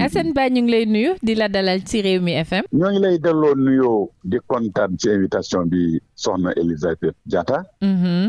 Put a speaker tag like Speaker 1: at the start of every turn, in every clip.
Speaker 1: Mm-hmm. Assane Ba ñu ngi lay nuyu di la dalal ci réew mi FM.
Speaker 2: ñoo ngi lay daloo nuyoo di kontaan ci invitation bi soxna Elisabeth Diatta.
Speaker 3: Mm-hmm.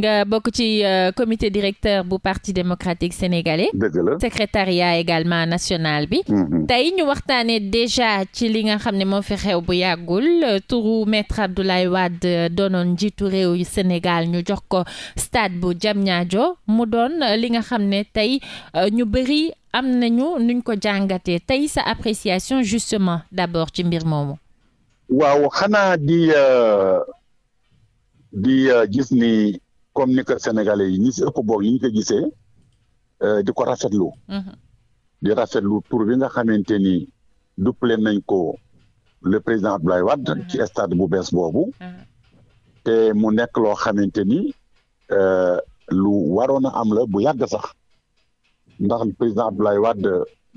Speaker 1: nga bokk ci euh, comité directeur bu parti démocratique sénégalais. dëgg la secrétariat national bi. Mm-hmm. tey ñu waxtaanee déjà ci li nga xam ne moo fi xew bu yàggul turu maître Abdoulaye Wade doonoon njiitu réew yu Sénégal ñu jox ko stade bu Diamniadio mu doon li nga xam ne tey euh, ñu bëri am nañu nuñ ko jàngatee tey sa appréciation justement d'abord ci mbir moomu.
Speaker 2: waaw xanaa di. Euh, di euh, gis ni comme ni ko yi ñi si ëpp boog yi ñu ko gisee euh, di ko rafetlu. Mhm. di rafetlu tur bi nga xamante ni leen nañ ko le président Abdoulaye Wade. Mhm. ci stade bu bees boobu. Mhm. te mu nekk loo xamante ni euh, lu waroon am la bu yàgg sax ndax président Abdoulaye Wade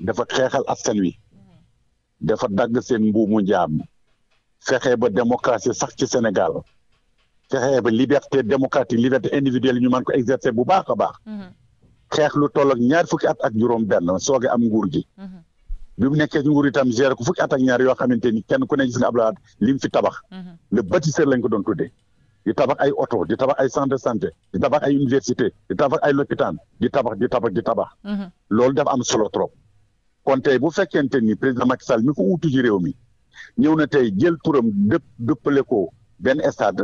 Speaker 2: dafa xeexal askan wi. dafa dagg seen mbuumu jaam. fexe ba démocratie sax ci Sénégal. fexe ba liberté démocratique liberté individuelle ñu mën ko exercer bu baax a baax. Mhm. xeex lu toll ak ñaar fukki at ak juróom-benn soog am nguur gi. Mhm. bi mu nekkee ci nguur itam gérer ko fukki at ak ñaar yoo xamante ni kenn ku ne gis nga Abdoulaye li mu fi tabax. Mhm. le bâtisseur lañ ko doon tuddee. di tabax ay oto di tabax ay centre de santé di tabax ay université di tabax ay lopitaan di tabax di tabax di tabax. loolu dafa am solo trop. kon tey bu fekkente ni président Macky Sall ko uutu ci réew mi ñëw na tey jël turam dëpp dëppale ko benn stade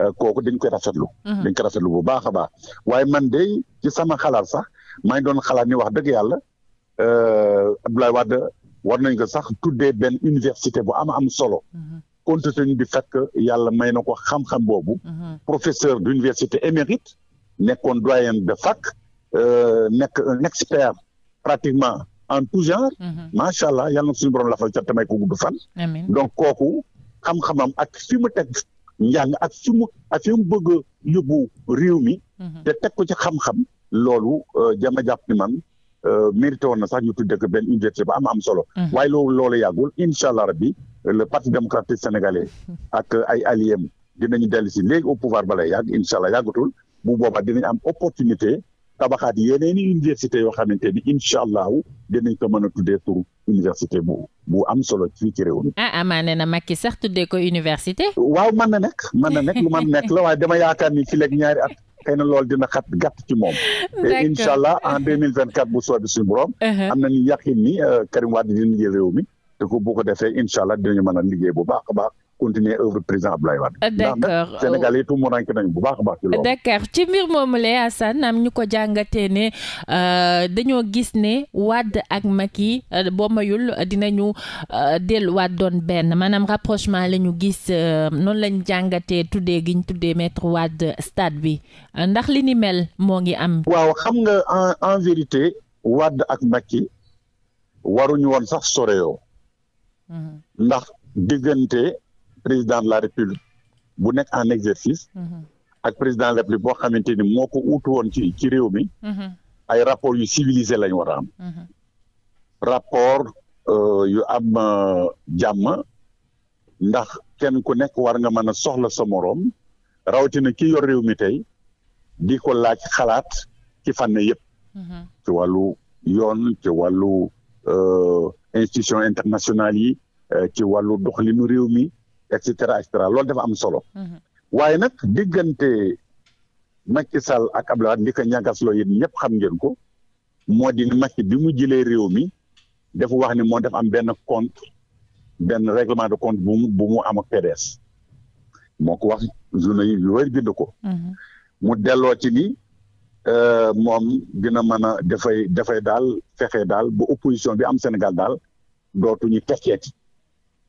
Speaker 2: Euh, kooku dañ koy rafetlu. Mhm. dañ koy rafetlu bu baax a baax waaye man de ci sama xalaat sax maa ngi doon xalaat ni wax dëgg yàlla euh, Abdoulaye Wade war nañ ko sax tuddee benn université bu am am solo. Mhm. compte tenu du fait que yàlla may na ko xam-xam boobu. Mhm. professeur d'université émérite nekkoon doyen de fac euh, nekk un expert pratiquement en tout genre. macha allah yàlla na suñu borom lafal ca tamay ko gudd fan. donc kooku xam-xamam ak fi mu teg njàng ak fi mu ak bëgg a yóbbu réew mi. Mhm. te teg ko ci xam-xam. loolu euh, jama jàpp ni man euh, mérité woon na sax ñu tuddee ko benn université ba am am solo. Mhm. waaye loolu loolu yàggul incha allah rabbi le parti démocratique sénégalais ak ay alliés dinañu dellu si léegi au pouvoir bala yàgg incha allah yàggatul bu boobaa dinañ am opportunité. tabaxaat yeneen i université yoo xamante ni incha allahu dinañ ko mën a tuddee turu université bu bu am solo fii ci réew mi.
Speaker 1: ah amaane na Macky sax tuddee ko université.
Speaker 2: waaw mën na nekk mën na nekk lu mën nekk la waaye dama yaakaar ni ci léegi ñaari at. xëy na loolu dina xat gàtt ci moom. te incha allah en deux mille vingt quatre bu soobee suñu borom. Uh-huh. am nañu yaqin ni euh, Karim Wade dina liggéey réew mi. te ko bu ko defee incha allah dinañu mën a liggéey bu baax a baax. continuer œuvre président Abdoulaye Wade. Ah, d'accord Sénégal yi tout mu rànk nañu bu baax a baax. ci loolu
Speaker 1: d'accord ci mbir moomu la Assane am ñu ko jàngate ne euh, dañoo gis ne Wade ak Macky euh, boo mayul dinañu euh, delluwaat doon benn maanaam rapprochement la ñu gis noonu lañ jàngatee tuddee gi ñu tuddee maître Wade stade bi ndax li ni mel moo ngi am. waaw
Speaker 2: xam nga en en vérité Wade ak Macky waruñu woon sax soreyoo. Mhm. ndax diggante. président de la république bu nekk en exercice. Mhm. ak président de la république boo xamante ni moo ko uutu woon ci ci réew mi. Mhm. ay rapport yu civilisé lañ war a am. Mhm. rapport euh, yu am euh, jàmm ndax kenn ku nekk war nga mën a soxla sa moroom rawatina ki yor réew mi tey di ko laaj xalaat ci fànn yëpp. ci wàllu yoon ci wàllu euh, institution international yi ci wàllu doxalinu réew mi et cetera et loolu dafa am solo. Mhm. waaye nag diggante Macky Sall ak Abdoulaye Wade li ko ñagasloo yéen ñëpp xam ngeen ko moo di Macky bi mu jëlee réew mi dafa wax ni moo dafa am benn compte benn règlement de compte bu mu bu mu am ak PDS moo ko wax journaux yi yu bind ko. Mhm. mu delloo ci ni euh, moom dina mën a dafay dafay daal fexe daal ba opposition bi am Sénégal daal dootuñu tekkeeti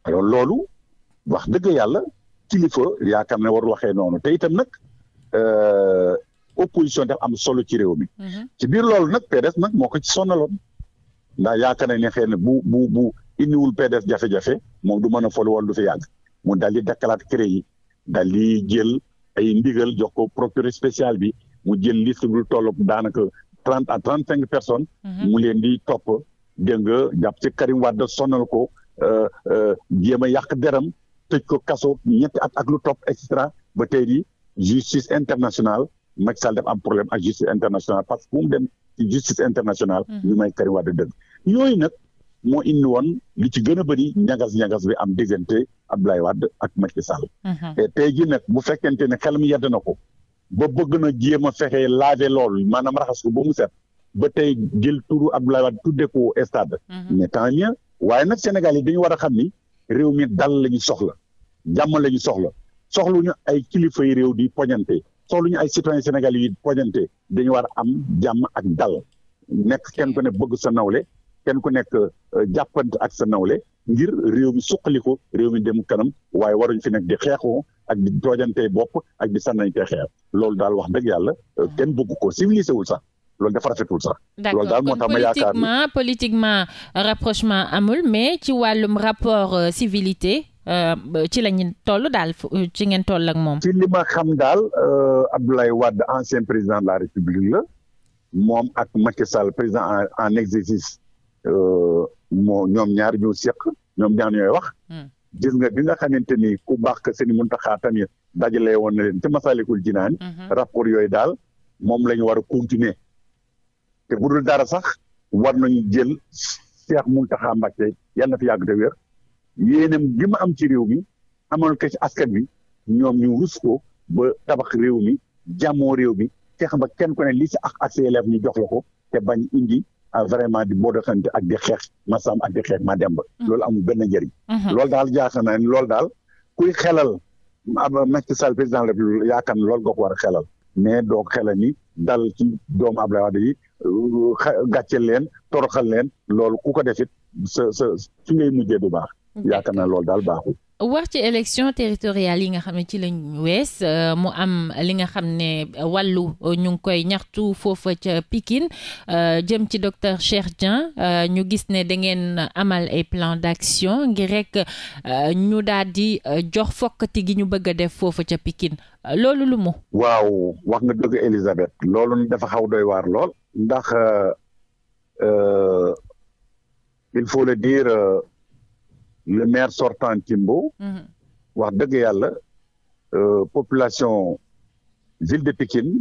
Speaker 2: loolu. wax dëgg yàlla kilifa yaakaar na warul waxee noonu te itam nag euh, opposition def am solo ci réew mi. Mhm. ci biir loolu nag PDS nag moo ko ci sonaloon. ndax yaakaar nañ ne xëy na bu bu bu indiwul PDS jafe-jafe moom du mën a fol woon du fi yàgg mu dal di dakkalaat cré yi dal di jël ay ndigal jox ko procureur spécial bi mu jël liste bu tolloog daanaka trente à trente cinq personnes. Mhm. mu leen di topp dégg nga jàpp ci Karim Wade sonal ko euh, euh, jéem a yàq deram tëj ko kaso ñetti at ak lu topp et cetera ba tey jii justice internationale Macky Sall def am problème ak justice internationale parce que bu mu dem ci justice internationale. Hmm. ñu may Karim Wade dëgg. yooyu nag moo indi woon li ci gën a bëri ñagas bi am diggante Abdoulaye Wade ak Macky Sall. Hmm. te tey jii nag bu fekkente ne xel mi yedd na ko. ba bëgg na jéem a fexe laver loolu maanaam raxas ko ba mu set. ba tey jël turu Abdoulaye Wade tuddee ko stade. Hmm. mais tant mieux waaye nag Sénégal a xam jàmm la ñu soxla ñu ay kilifa yi réew di poñante soxluñu ay citoyen Sénégal yi poñante dañu war am jàmm ak dal nekk kenn ku ne bëgg sa nawle kenn ko nekk euh, jàppante ak sa nawle ngir réew mi suqaliku réew mi dem kanam waaye waruñ fi nekk di xeexu ak di toojantee bopp ak di sànnante xeer loolu daal wax dëgg yàlla euh, ah. kenn bëgg ko civilisé wul sax loolu dafa rafetul sax. loolu daal moo tax ma yaakaar ni politiquement
Speaker 1: politiquement rapprochement amul mais ci wàllum euh, Euh, ci la ñu toll daal ci ngeen toll ak moom.
Speaker 2: ci li ma xam daal euh, Abdoulaye Wade ancien président de la République la moom ak Macky Sall président en en exercice euh, moo ñoom ñaar ñu seq ñoom ñaar ñooy wax. Hmm. gis nga bi nga xamante ni ku baax que Serigne Mountakha tamit dajale woon na leen ci Masalikul Jinaan. Hmm. rapport yooyu daal moom lañu ñu war a continuer. te bu dara sax war nañu jël Cheikh Mountakha Mbacké yàlla na fi yàgg te wér. yéenam bi ma am ci réew mi amal ko ci askan wi ñoom ñu rus ko ba tabax réew mi jàmmoo réew mi fexe ba kenn ku ne li ci ak ak sa élève ñu jox la ko te bañ indi ah, vraiment di boodoxante ak di xeex sam ak di xeex ma demb mm. loolu amul benn njëriñ mm-hmm. loolu daal jaaxal na loolu daal kuy xelal Macky Sall président la yaakaar na loolu nga ko war a xelal mais doo xelal ni dal ci doomu Abdoulaye Wade yi euh, gàcce leen toroxal leen loolu ku ko defit sa sa su ngay mujjee du baax yaakaar na loolu daal baaxul.
Speaker 1: wax ci élection territoriale yi nga xam ne ci lañ wees euh, mu am li nga xam ne euh, wàllu euh, ñu ngi koy ñaxtu foofa ca Pikine jëm ci docteur Cheikh Dieng ñu gis ne dangeen amal ay plan d'action ngi rek ñu daal di jox fokkati gi ñu bëgg a def foofa ca Pikine loolu lu mu.
Speaker 2: waaw wax nga dëgg Elisabeth loolu dafa xaw dooy waar lool. ndax il faut le dire. le maire sortant Timbo. Mhm. wax dëgg yàlla euh, population ville de Pikine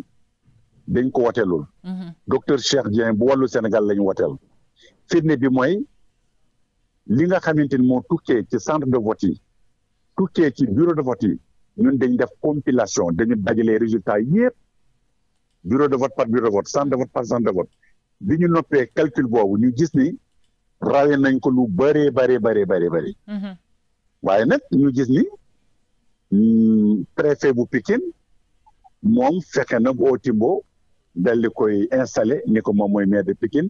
Speaker 2: dañ ko woteelul. Mhm. docteur Cheikh Dieng bu wàllu Sénégal lañu ñu woteel. bi mooy li nga xamante ni moo tukkee ci centre de vote yi tukkee ci bureau de vote yi ñun dañ def compilation dañu dajalee résultats yépp bureau de vote par bureau de vote centre de vote par centre de ñu noppee calcul boobu ñu gis ni. rawe nañ ko lu bëree bëree bëree bëri bëri mm-hmm. waaye nag ñu gis ni mm, préfet bu Pikine moom fexe na boo Timbo dal di koy installé ni ko moom mooy mais de Pikine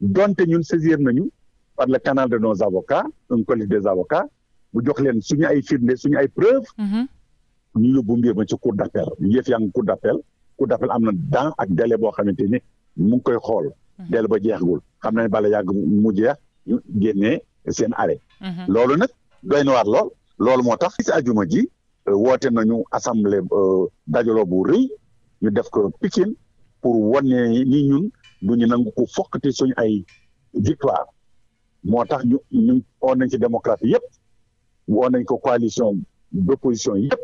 Speaker 2: donte ñun saisir nañu par le canal de nos avocats un collège des avocats bu jox leen suñu ay firnde suñu ay preuve mm-hmm. ñu yóbbu mbir ma ci cour d'appel yëf yaa ngi cour d'appel cour d'appel am na dans ak délai boo xamante ni mu ngi koy xool mm-hmm. délai ba jeexagul xam nañ bala yàgg mu jeex ñu génnee seen arrêt. Mhm. loolu nag doy na waar lool. loolu moo tax ci àjjuma ji euh, woote nañu assemblée euh, dajaloo bu rëy ñu def ko Pikine pour wane ni ñun du ñu nangu ko fokkati suñu ay victoire moo tax ñu ñu woon nañ ci démocrate yëpp woon nañ ko coalition d'opposition yëpp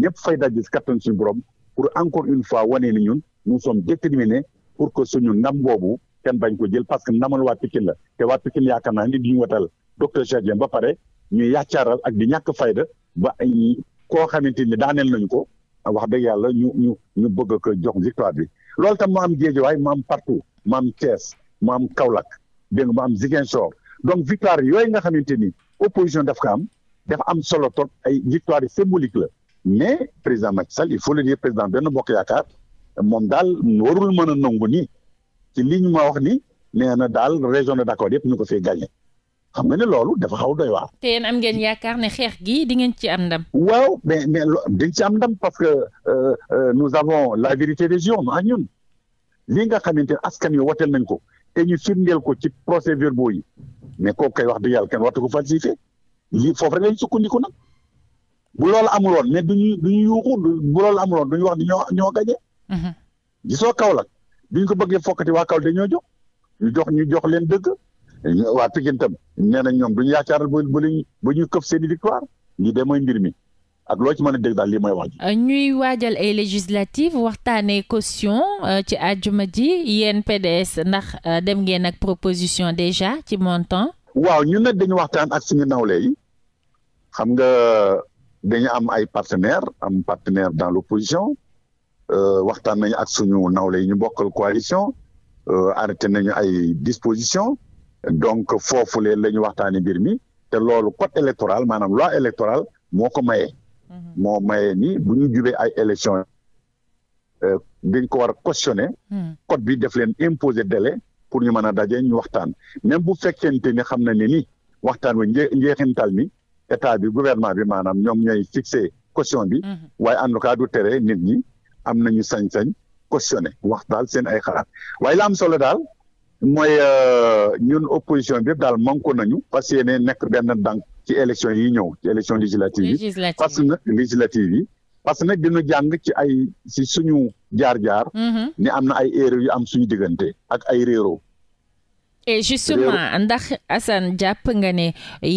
Speaker 2: ñëpp fay daj ci kattan suñ borom pour encore une fois wane ni ñun nous sommes déterminés pour que suñu ndam boobu kenn bañ ko jël parce que ndamal waa Pikine la te waa Pikine yaakaar naa ni duñu watal docteur Cheikh Dieng ba pare ñuy yàccaaral ak di ñàkk fayda ba koo xamante ni daaneel nañu ko wax da yàlla ñu ñu ñu bëgg ko jox victoire bi loolu tam mu am Guédiawaye mu am partout mu am Thiès mu am Kaolack dégg nga mu am Ziguinchor donc victoire yooyu nga xamante ni opposition daf ko am dafa am solo trop ay victoire yi symbolique la mais président Macky Sall il faut le dire président Benno Bokk Yaakaar a ni ci li ñu ma wax ni nee na daal région de Dakar yëpp ñu ko fiy gagné xam nga ne loolu dafa xaw doy waar.
Speaker 1: te yéen am ngeen yaakaar ne xeex gi di ngeen ci am ndam.
Speaker 2: waaw mais mais dañ ci am ndam parce que euh, euh, nous avons la vérité des urnes ak ah, ñun li nga xamante ne askan wi woteel nañ ko te ñu firndeel ko ci procès-verbaux yi mais kook koy wax du yàlla kenn waxtu ko falsifié lii foofu rek lañ sukkandiku nag bu loolu amuloon mais du ñu du ñu yuuxu bu loolu amuloon du ñu wax ni ñoo ñoo gagné. Mhm. gisoo Kaolack bi ñu ko bëggee fokkati waa kaw dañoo jox ñu jox ñu jox leen dëgg waa Pikine tam nee na ñoom duñu yaakaaral ba ba ba ñu këf seen i victoire lii de mooy mbir mi ak loo ci mën a dégg daal lii mooy wax ji.
Speaker 1: Euh, ñuy waajal ay législative waxtaanee caution euh, ci àjjuma ji yéen PDS ndax euh, dem ngeen ak proposition déjà ci montant.
Speaker 2: waaw ñun nag dañu waxtaan ak suñu nawle yi xam nga dañu am ay partenaires am partenaire dans l'opposition Euh, waxtaan nañu ak suñu nawle yi ñu bokkal coalition euh, arrêté nañu ay disposition donc foofu le la ñu waxtaanee mbir mi te loolu code électoral maanaam loi électorale moo ko maye. Mhm. moo maye ni bu ñu jubee ay élection euh, dañ ko war a cautionné. Hmm. code bi def leen imposer délai pour ñu mën a daje ñu waxtaan même bu fekkente ni xam na ne ni waxtaan wi njeexintal mi état bi gouvernement bi maanaam ñoom ñooy fixé caution bi. Mhm. waaye en tere nit ñi. am nañu sañ-sañ cautionné wax daal seen ay xalaat waaye la am solo daal mooy euh, ñun opposition bi yëpp daal manko nañu parce que yéene nekk benn dànk ci élection yi ñëw ci élection législative yi parce que législative yi parce que nag dina jàng ci ay ci suñu jaar-jaar mm-hmm. ni am na ay erreur yu am suñu diggante ak ay réeroo
Speaker 1: et justement ndax Assane jàpp nga ne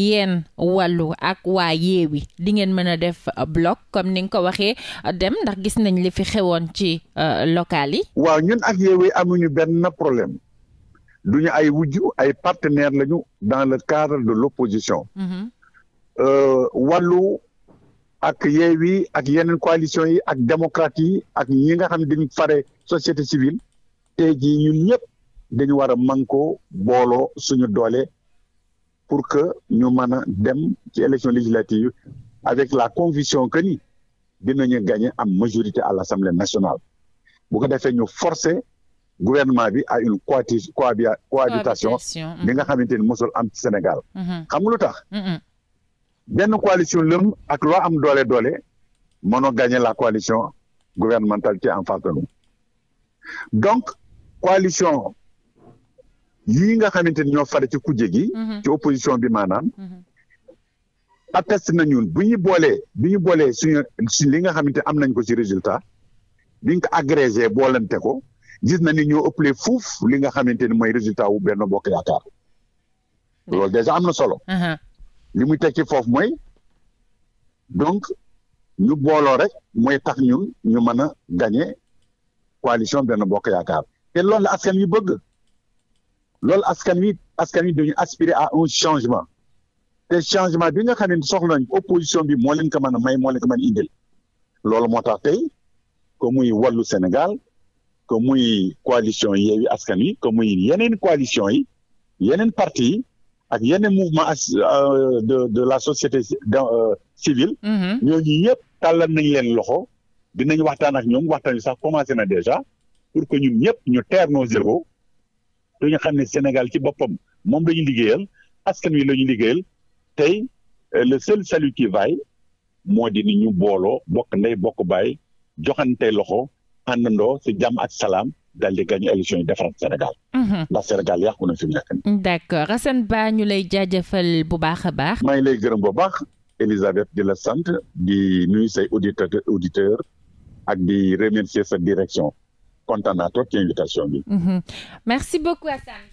Speaker 1: yéen wàllu ak waa yeewi di ngeen mën a def bloc comme ni nga ko waxee dem ndax gis nañ li fi xewoon ci euh, local yi.
Speaker 2: waaw ñun ak yeewi amuñu benn problème du ñu ay wujj ay partenaires lañu dans le cadre de l'opposition. Mm-hmm. Euh, wàllu ak yeewi ak yeneen coalition yi ak démocrate yi ak ñi nga xam ne dañu fare société civile tey jii ñun ñëpp. dañu war a mànkoo booloo suñu doole pour que ñu mën a dem ci élection législative avec la conviction que ni dinañu gagner am majorité à l'Assemblée nationale bu ko defee ñu forcer gouvernement bi à une coati cohabitation bi nga mm-hmm. xamante ni mosul am ci Sénégal mm-hmm. xam nga lu tax mm-hmm. benn coalition lëm ak loo am doole doole mënoo gagner la coalition gouvernementale qui est en face de donc coalition ñii nga xamante ni ñoo fare ci kujje gi. Mhm. ci opposition bi maanaam. Mhm. atteste nañu bu ñu boolee bi ñu boolee suñu si li nga xamante am nañ ko ci résultat bi ñu ko agrégé boolante ko gis na ni ñoo ëpplee fuuf li nga xamante ni mooy résultat wu Benno Bokk Yaakaar loolu déjà am na solo. Mhm. li muy tekki foofu mooy donc ñu booloo rek mooy tax ñun ñu mën a gagné coalition benn Bokk Yaakaar te loolu la askan yu bëgg. loolu askan wi askan wi dañu aspirer a un changement te changement bi nga xam ne soxla nañ opposition bi moo leen ko mën a may moo leen ko mën a indil loolu moo tax tey que muy wàllu Sénégal que muy coalition Yewwi Askan Wi que muy yeneen coalition yi yeneen parti yi ak yeneen mouvement euh, de de la société euh, civile mm-hmm. ñooñu yëpp tàllal nañ leen loxo dinañ waxtaan ak ñoom waxtaan bi sax commencé na déjà pour que ñun ñëpp ñu teer nos zéro dañu xam ne Sénégal ci boppam moom la ñu liggéeyal askan wi la ñu liggéeyal tey euh, le seul salut qui moo di ni ñu booloo bokk ndey bokk baay joxante loxo àndandoo si jàmm ak salaam. daal di gagné élection yi defaraat Sénégal. Mhm. ndax Sénégal yàqu na fi mu nekk nii.
Speaker 1: d' accord Assane ñu lay jaajëfal bu baax a baax.
Speaker 2: maa ngi lay gërëm bu baax. Elisabeth di la sant di nuyu say auditeur auditeur ak di remercier sa direction kontaan naa trop ci invitation bi.
Speaker 1: Mhm. merci beaucoup Assane.